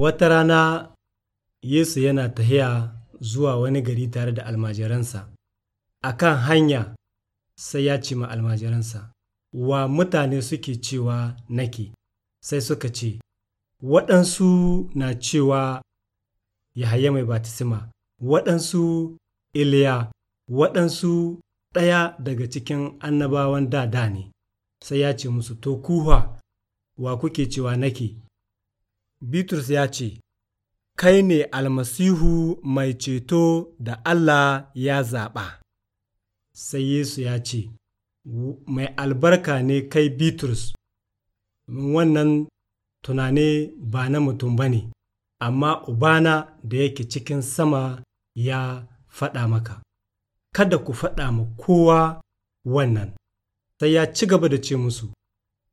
Wata rana Yesu yana tahiya zuwa wani gari tare da almajiransa, a kan hanya sai ya ce ma almajiransa, Wa mutane suke cewa nake, sai suka ce, Waɗansu na cewa Yahaya mai batisima, waɗansu Iliya, waɗansu ɗaya daga cikin annabawan da da ne, sai ya ce musu, To kuwa, wa kuke cewa nake?’ Bitrus ya ce, Kai ne almasihu mai ceto da Allah ya zaɓa. Sai Yesu ya ce, Mai albarka ne kai Bitrus, wannan tunane ba na mutum ba ne, amma Ubana da yake cikin sama ya faɗa maka. Kada ku faɗa ma kowa wannan, sai ya ci gaba da ce musu,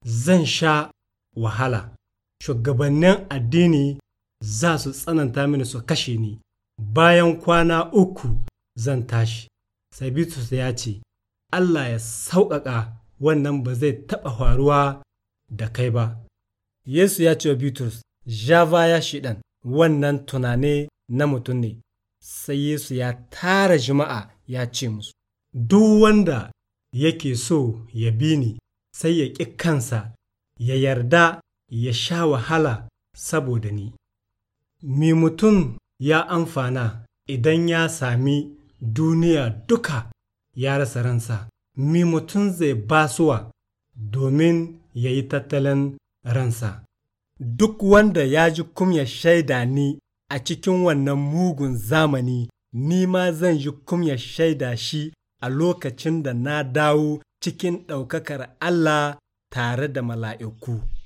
Zan sha wahala. shugabannin addini za su tsananta mini su kashe ni bayan kwana uku zan tashi sabitus ya ce allah ya sauƙaƙa wannan ba zai taɓa faruwa da kai ba yesu ya ce wa bitrus ya shi shiɗan wannan tunane na mutum ne sai yesu ya tara jima'a ya ce musu duk wanda yake so ya bi ni sai ya ƙi kansa ya yarda ya sha wahala saboda ni. Mi mutum ya amfana idan ya sami duniya duka ya rasa ransa, mi mutum zai basuwa domin ya yi tattalin ransa. Duk wanda ya ji kumya shaida ni a cikin wannan mugun zamani, ni ma zan ji kumya shaida shi a lokacin da na dawo cikin ɗaukakar Allah tare da mala'iku.